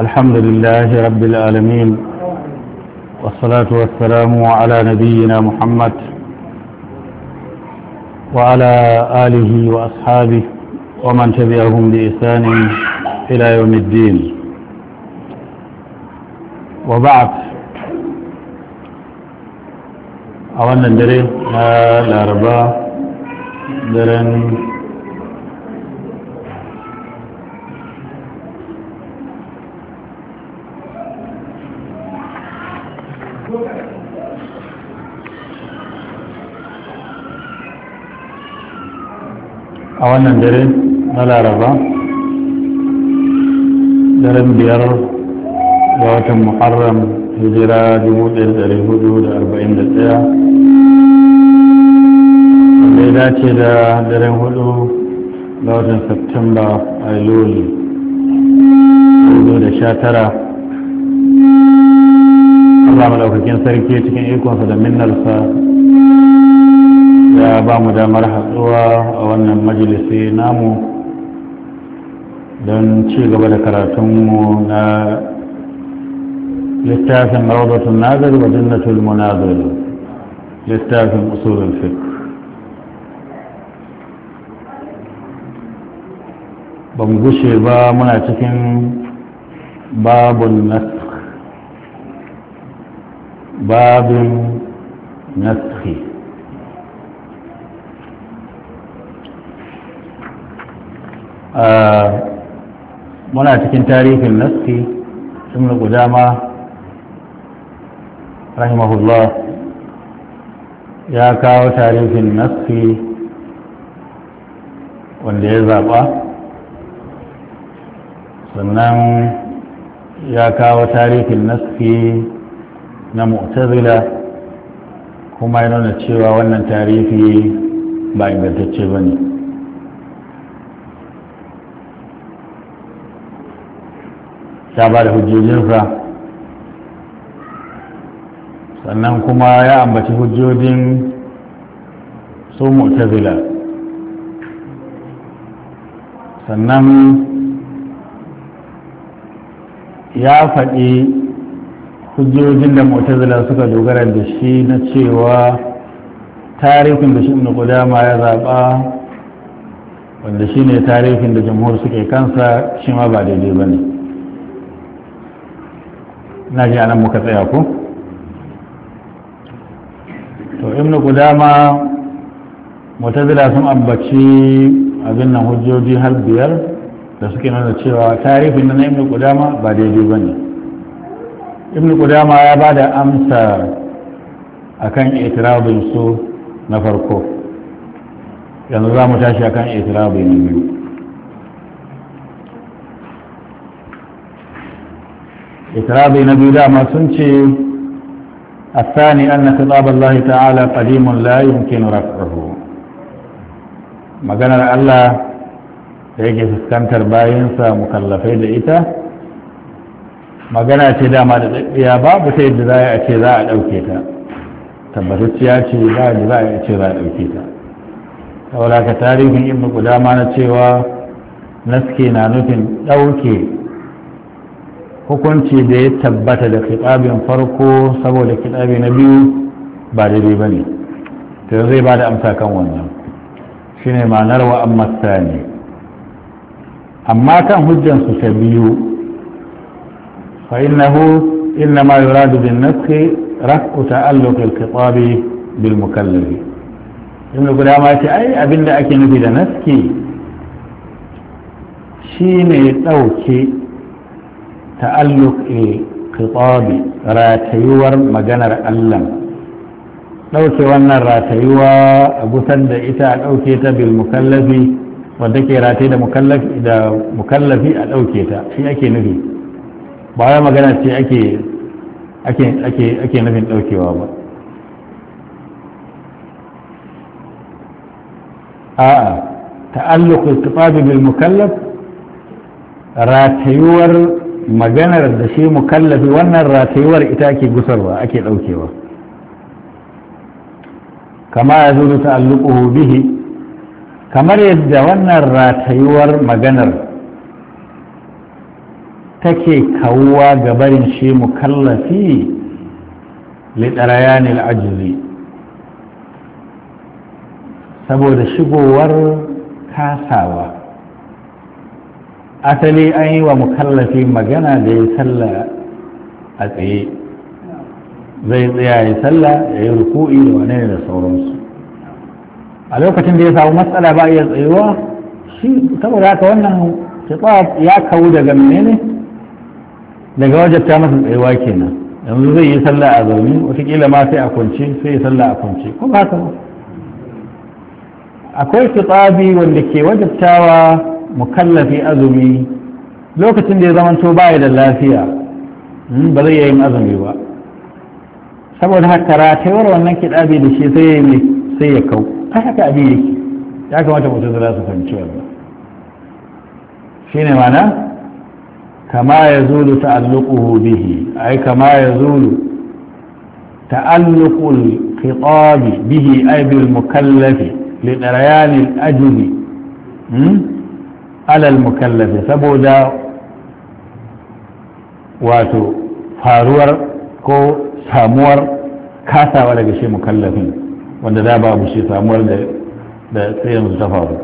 الحمد لله رب العالمين والصلاة والسلام على نبينا محمد وعلى آله وأصحابه ومن تبعهم بإحسان إلى يوم الدين وبعد أولا دري لا ربا درن a wannan dare na laraba daren biyar ga watan muharram hijira 1441 da ya dace da daren hudu ga watan septemba a yuli 2019 Allah madaukakin sarki cikin ikonsa da minnarsa ya ba mu damar hatsuwa a wannan majalisi namu don ci gaba da karatunmu na littafin rawdatun nazari wa jannatul munazari littafin usulul fiqh ba mu gushe ba muna cikin babun nas باب نسخ muna cikin tarihin naski ibn qudama rahimahullah ya kawo tarihin naski wanda ya zaɓa sannan ya kawo tarihin naski na mu'tazila kuma ya nuna cewa wannan tarihi ba ingantacce ba ne ya ba da hujjojinsa sannan kuma ya ambaci hujjojin su mu'tazila sannan ya faɗi hujjojin da mu'tazila suka dogara da shi na cewa tarihin da shi ibn qudama ya zaba wanda shine tarihin da jamhur suke kansa shi ma ba daidai ba ne na ji anan muka tsaya ku to ibn qudama mu'tazila sun ambaci abin nan hujjoji har biyar da suke nuna cewa tarihin na ibn qudama ba daidai ba ne. ibn kudama ya bada amsa akan itirabin su na farko yanzu za mu tashi akan itirabi na biyu itirabi na biyu dama sun ce الثاني أن خطاب الله تعالى قديم لا يمكن رفعه maganar Allah da yake fuskantar bayansa mukallafai da ita magana ce dama da tsakiya babu ta yadda za a ce za a ɗauke ta tabbatacciya ce ba a za a ce za a ɗauke ta saboda ka tarihin muku dama na cewa naske na nufin ɗauke hukunci da ya tabbata da kitabin farko saboda kitabi na biyu ba daidai ba ne to zai ba da amsa kan wannan shine ma'anar wa amma amma kan hujjansu ta biyu فإنه إنما يراد بالنسخ رفع تألق الخطاب بالمكلف ابن قدامة أي أبن أكي نفي ده نسكي شيني ɗauke ta'alluk khitabi ratayuwar maganar Allah ɗauke wannan ratayuwa a gusar da ita a ɗauke ta bil mukallafi wadda ke ratai da mukallafi a ɗauke ta shi ake nufi ba ya magana ce ake ake ake nufin ɗaukewa ba a'a ta'alluq al bil mukallaf ratayuwar maganar da shi mukallafi wannan ratayuwar ita ake gusarwa ake ɗaukewa. kama ya zuru ta'alluquhu bihi kamar yadda wannan ratayuwar maganar take kawuwa ga barin shi mukallafi liɗarayanil ajizi saboda shigowar kasawa asali an yi wa mukallafi magana da ya salla a tsaye zai tsaya ya salla ya yi ruku'i da wane da sauransu a lokacin da ya samu matsala ba iya tsayuwa shi saboda haka wannan ya kawu daga menene daga ta masa tsayuwa kenan yanzu zai yi sallah a zaune wataƙila ma sai a kwance sai yi sallah a kwance ko ba ta akwai fitsabi wanda ke wajabtawa mukallafi azumi lokacin da ya zama to baya da lafiya hmm, ba zai yi azumi ba saboda haka ratayar wannan kiɗabi da shi sai ya sai ya kau a haka abin yake ya kamata mutum zai su fahimci wannan shi ne mana kama ya zulu ta'alluquhu bihi ay kama ya zulu ta'alluqul khitabi bihi ay bil mukallafi li darayan al ajli ala al mukallafi saboda wato faruwar ko samuwar kasawa daga shi mukallafin wanda da babu shi samuwar da sai yanzu ta faru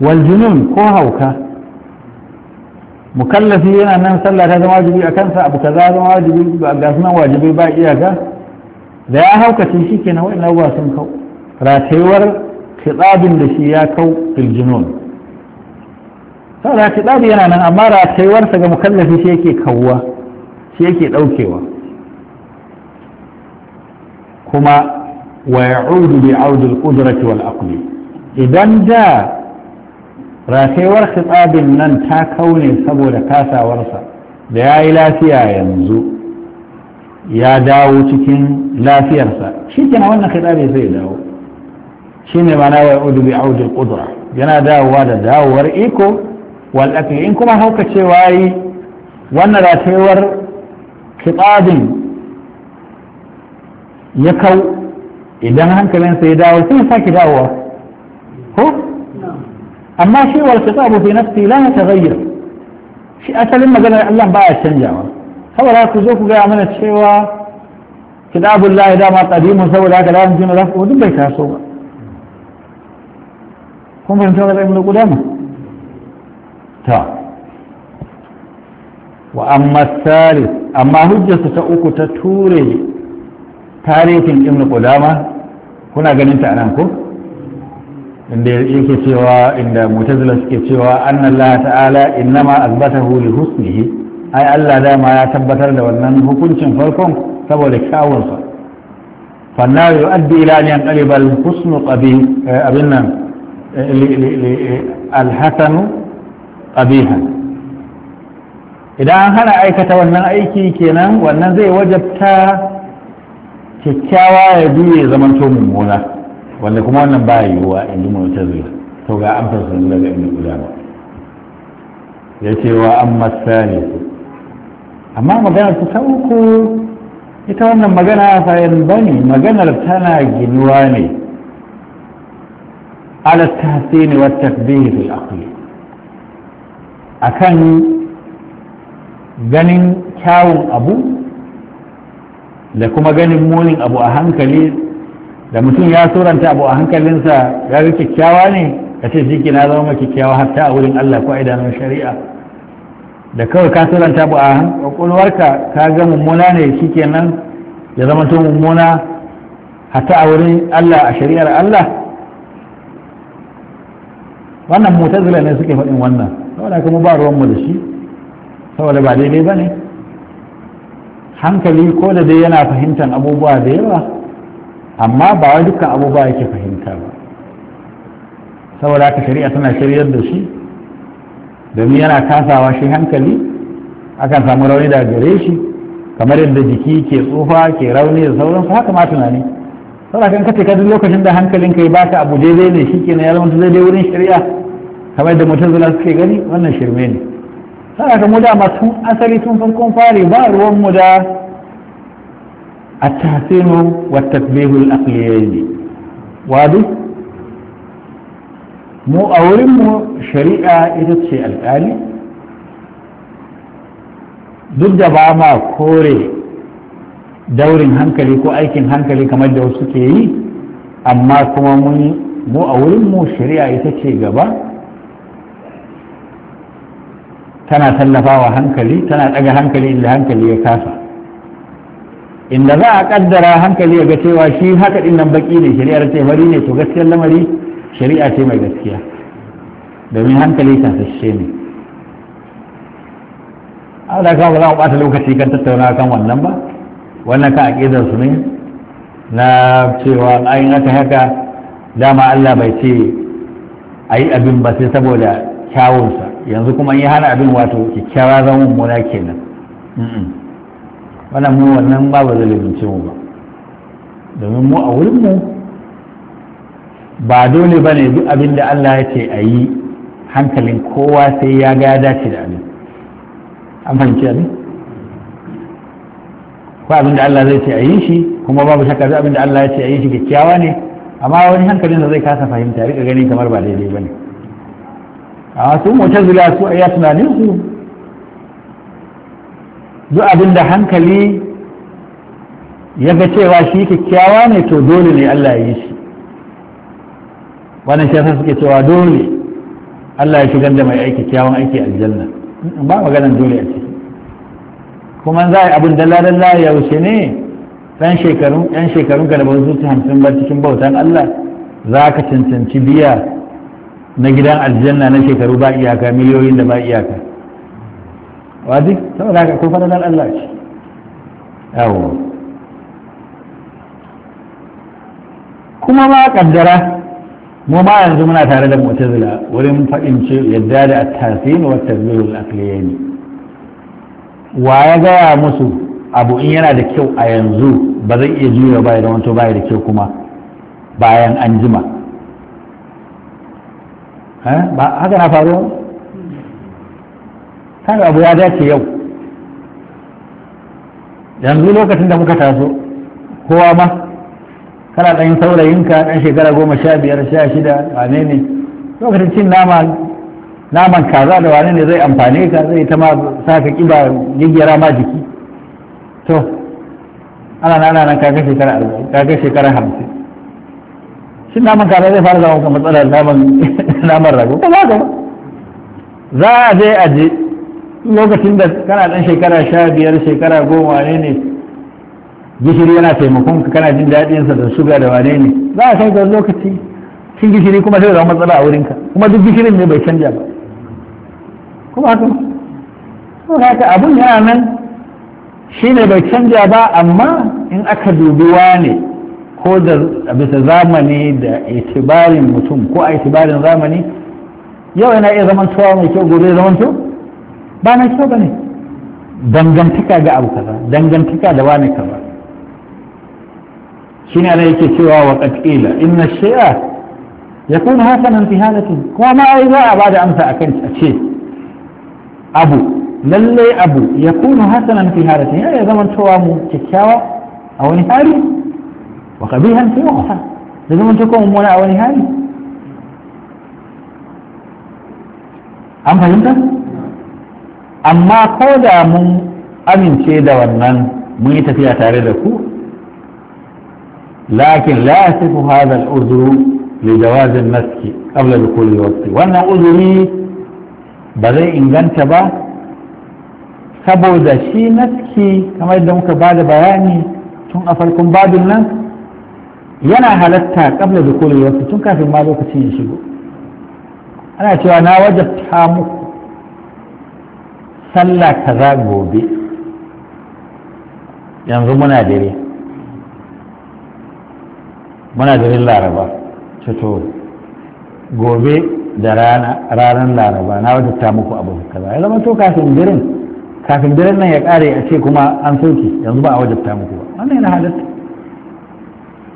wal junun ko hauka mukallafi yana nan sallah ta zama wajibi a kansa abu kaza zama wajibi ga sunan wajibi ba iyaka da ya haukace shi kenan wa'annan abubuwa sun kau ratayuwar kitsabin da shi ya kau sau saboda kitsabi yana nan amma ratayuwarsa ga mukallafi shi yake kawuwa shi yake daukewa kuma wa ya'udu bi audul qudrati wal aqli idan da ratewar tsabin nan ta kaune saboda kasawarsa da ya yi lafiya yanzu ya dawo cikin lafiyarsa shi kina wannan zai dawo shi ne mana bi audi qudra yana dawowa da dawowar iko wal in kuma hauka cewa yi wannan ratewar kitabin ya kau idan hankalinsa ya dawo sai sake dawowa ko أما شيء والخطاب في نفسي لا يتغير شيء أسأل إما قال الله بقى يتنجع هو رأيك زوفه قال عمنا الشيء كتاب الله إذا ما قديم وسوى لك لا يمكن له ودب يتعصوا كم فهمت هذا من القدامة تا وأما الثالث أما هجة سأوك تتوري تاريخ ابن قدامة هنا قال انت أنامكم inda yake cewa inda mutazila suke cewa annallaha ta'ala innama azbatahu li husnihi ai Allah dama ya tabbatar da wannan hukuncin farkon saboda kyawunsa fannar yu'addi ila an yanqaliba al-husnu qabih eh, abin nan eh, al-hasanu idan an hana aikata wannan aiki kenan wannan zai wajabta kyakkyawa ya biye zamanto mummuna wanda kuma wannan ba yiwuwa in ji mawuce zai to ga amsar sun daga guda ba ya ce wa ne salisu amma magana ta ta uku ita wannan magana ba ne maganar tana ginuwa ne Alas ta ne wata biyu da akwai a akan ganin kyawun abu da kuma ganin munin abu a hankali da mutum ya suranta abu a hankalinsa ya ga kyakkyawa ne ka ce shi na zama kyakkyawa hatta a wurin Allah ko a idanun shari'a da kawai ka suranta abu a kwakwalwarka ka ga mummuna ne shi kenan ya zama to mummuna hatta a wurin Allah a shari'ar Allah wannan mutazila ne suke faɗin wannan saboda kuma ba ruwanmu da shi saboda ba daidai ba ne hankali ko da dai yana fahimtar abubuwa da yawa amma ba wani dukkan abubuwa yake fahimta ba saboda haka shari'a tana shiryar da shi domin yana kasawa shi hankali akan samu rauni da gare shi kamar yadda jiki ke tsufa ke rauni da sauransu haka ma tunani saboda kan kace ka duk lokacin da hankalin ya baka abu dai-dai ne shikenan ya zama daidai wurin shari'a kamar da mutum zula suke gani wannan shirme ne saboda mu da masu asali tun farkon fare ba ruwan mu da التحسين والتتبيه الأقليين واضح mu a wurinmu shari'a ita ce alƙali duk da ba ma kore daurin hankali ko aikin hankali kamar da wasu ke yi amma kuma mu a wurinmu shari'a ita ce gaba tana tallafawa hankali tana ɗaga hankali inda hankali ya kasa inda za a kaddara hankali ga cewa shi haka din nan baki ne shari'ar ce bari ne to gaskiyar lamari shari'a ce mai gaskiya domin hankali ta tasashe ne A da kawo ba za mu bata lokaci kan tattauna kan wannan ba wannan kan aqidar su ne na cewa ayin aka haka dama Allah bai ce a abin ba sai saboda kyawunsa yanzu kuma yi hana abin wato kyakkyawa zama muna kenan wannan mu wannan ba ba zai lalace mu ba domin mu a wurin mu ba dole ba ne duk abin da Allah ya ce a yi hankalin kowa sai ya ga dace da abin an fahimci abin ko abin da Allah zai ce a yi shi kuma babu shakka abin da Allah ya ce a yi shi kyakkyawa ne amma wani hankalin da zai kasa fahimta rika gani kamar ba daidai ba ne amma su mutazila su a iya tunanin su duk abin da hankali ya ga cewa shi kyakkyawa ne to dole ne Allah ya yi shi wannan shi suke cewa dole Allah ya shigar da mai aiki kyawun aiki aljanna ba maganan dole a ciki kuma za a yi da dalla-dalla yaushe ne ɗan shekarun ɗan shekarun ka da ba hamsin ba cikin bautan Allah za ka cancanci biya na gidan aljanna na shekaru ba iyaka miliyoyin da ba iyaka wadi saboda haka ko fadalar Allah ce yawo kuma ma kaddara mu ma yanzu muna tare da mu'tazila wurin faɗin ce yadda da at wa at al-aqliyani wa ya gaya musu abu in yana da kyau a yanzu ba zai iya juya ba idan wanto baya da kyau kuma bayan an jima eh, ba haka na faruwa kan abu ya dace yau yanzu lokacin da muka taso kowa ma kana ɗan saurayinka ɗan shekara goma sha biyar sha shida wane ne lokacin cin naman kaza da wane ne zai amfane ka zai ta ma sa ka ƙiba giggiyara ma jiki to ana nan nan kaga shekara arba'in kaga shekara hamsin shin naman kaza zai fara zama ka matsalar naman rago ba za ka ba za a je a je lokacin da kana dan shekara sha biyar shekara goma wane ne gishiri yana taimakon ka kana jin daɗinsa da shuga da wane ne za a kai ga lokaci cin gishiri kuma sai da matsala a wurinka kuma duk gishirin ne bai canja ba kuma haka to haka abun yana nan shi ne bai canja ba amma in aka dubi wane ko da bisa zamani da itibarin mutum ko a itibarin zamani yau yana iya zaman tuwa mai kyau gobe zaman kyau ba na kyau bane dangantaka ga abu kaza dangantaka da wani kaza shi ne yake cewa wa qad qila inna shay'a yakunu hasanan fi halati ko ma ai za a bada amsa akan a ce abu lallai abu ya yakunu hasanan fi halati ya zaman cewa mu kyakkyawa a wani hali wa qabihan fi ukhra da zaman cewa mu a wani hali an fahimta amma ko da mun amince da wannan mun yi tafiya tare da ku lakin la yasifu hadha al-udhru li jawaz naski nask qabla dukhul waqti wannan uzuri ba zai inganta ba saboda shi naski kamar da muka ba da bayani tun a farkon babin nan yana halatta qabla dukhul wasu tun kafin ma lokacin ya shigo ana cewa na wajabta muku sallah kaza gobe yanzu muna dare muna dare laraba to gobe da ranar laraba na wadatta muku abu kaza ya zama to kafin birin kafin birin nan ya kare a ce kuma an soke yanzu ba a wadatta muku ba wannan yana halatta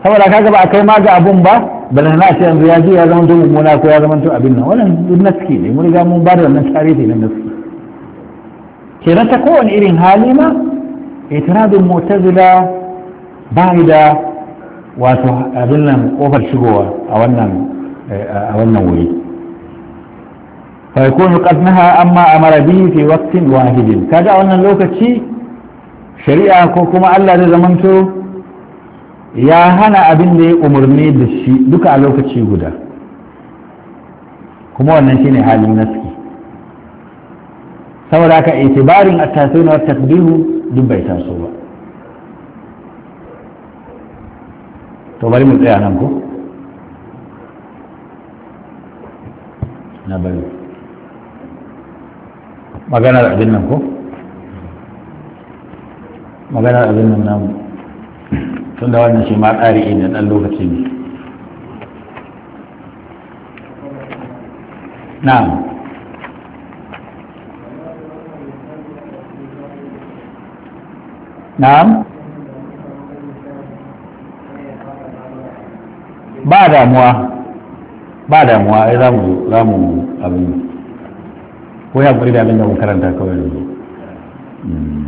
saboda kaga ba a kai ma ga abun ba bala na ce yanzu ya ji ya zama to mummuna ko ya zama to abin nan wannan duk naski ne mun riga mun ba da wannan tarihi na naski kenan ta kowane irin hali ma itiradun mutazila ba da wato abin nan kofar shigowa a wannan eh, a wannan wuri fa amma amara bihi fi waqtin wahidin kaga a wannan lokaci shari'a ko kuma Allah zai zamanto ya hana abin da ya umarni da shi duka a lokaci guda kuma wannan shine halin nasu saboda haka itibarin at na wa takbihu duk bai taso ba to bari mu tsaya nan ko na bari maganar abin nan ko maganar abin nan namu tun da wannan shi ma tsari ne ɗan lokaci ne na'am na'am ba damuwa ba damuwa ai za mu ya kuri da mu karanta kawai yanzu hmm.